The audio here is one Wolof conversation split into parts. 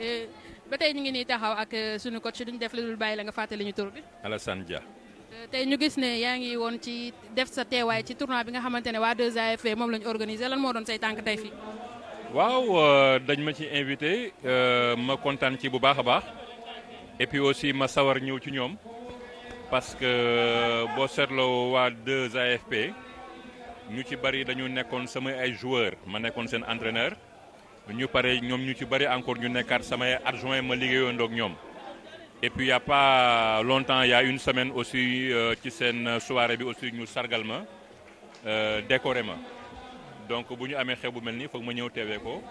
Eh, ba tey ñu ngi nii taxaw ak eh, sunu coach duñ def lu dul bàyyi la nga fàttali ñu tur bi. Alassane Dia. Eh, tey ñu gis ne yaa ngi woon ci def sa teewaay ci tournoi bi nga xamante ne waa 2AFP moom lañu ñu organisé lan moo doon say tànk tey fii. waaw euh, dañ ma ci invité euh, ma kontaan ci bu baax a baax et puis aussi ma sawar ñëw ci ñoom parce que euh, boo seetloo waa 2AFP ñu ci bari dañu nekkoon sama ay joueurs ma nekkoon seen entreneur ñu pare ñoom ñu ci bari encore ñu nekkaat samay adjoint ma liggéeyoon ak ñoom et puis y' pas longtemps y' a une semaine aussi euh, ci seen soirée bi aussi ñu sargal ma euh, décoré ma donc bu ñu amee xew bu mel nii foog ma ñëw teewee ko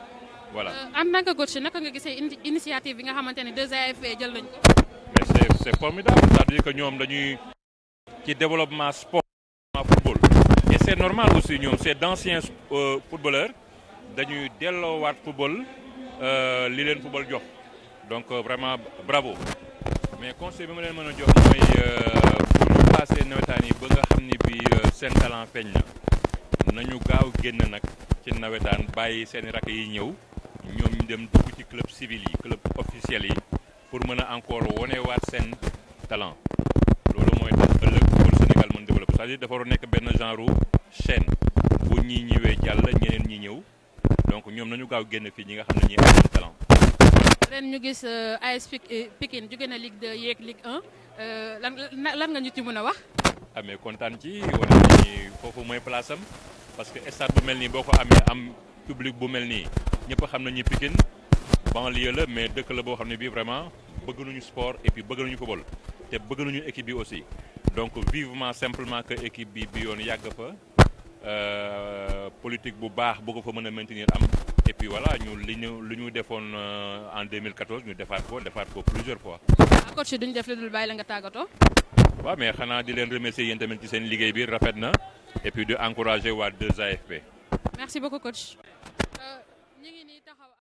voilà. en tant que coach naka nga gisee initiative bi nga xamante ne 2AFP jël nañ mais c' formidable c' dire que ñoom dañuy ci développement sport football et c' est normal aussi ñoom c' est d' anciens euh, footballeurs. dañuy delloowaat football euh, li leen football jox donc euh, vraiment bravo mais conseil bi ma leen mën a jox mooy euh, bu ñu passé nawetaan yi ba nga xam ni bi seen talent feeñ na nañu gaaw génn nag ci nawetaan bàyyi seen rakk yi ñëw ñoom ñu dem dugg ci club civil yi club officiel yi pour mën a encore waat seen talent loolu mooy tax ëllëg pour Sénégal mën développé cest dire dafa war nekk benn genre chaîne bu ñii ñëwee jàll ñeneen ñi ñëw donc ñoom nañu gaaw génn fii ñi nga xam ne ñi am talent. ren ñu gis euh, AS euh, Pikine jóge na Ligue 2 yeeg Ligue 1 euh, lan lan nga ñu ci mën a wax. amee ah, kontaan ci wane ni foofu mooy place am parce que stade bu mel nii boo ko amee am public bu mel nii ñëpp xam nañu Pikine banlieue la mais dëkk la boo xam ne bii vraiment bëgg nañu sport et puis bëgg nañu football te bëgg nañu équipe bi aussi donc vivement simplement que équipe bi bi yoon yàgg fa. Euh, politique bu baax boo ko fa mën a maintenir am et puis voilà ñu li ñu li ñu defoon euh, en 2014 ñu defaat ko defaat ko plusieurs fois. waaw ah, coach duñ def lu dul bàyyi la nga tàggatoo. waaw mee xanaa di leen remercier yéen tamit ci seen liggéey bi rafet na et puis di encourager waa 2AFP.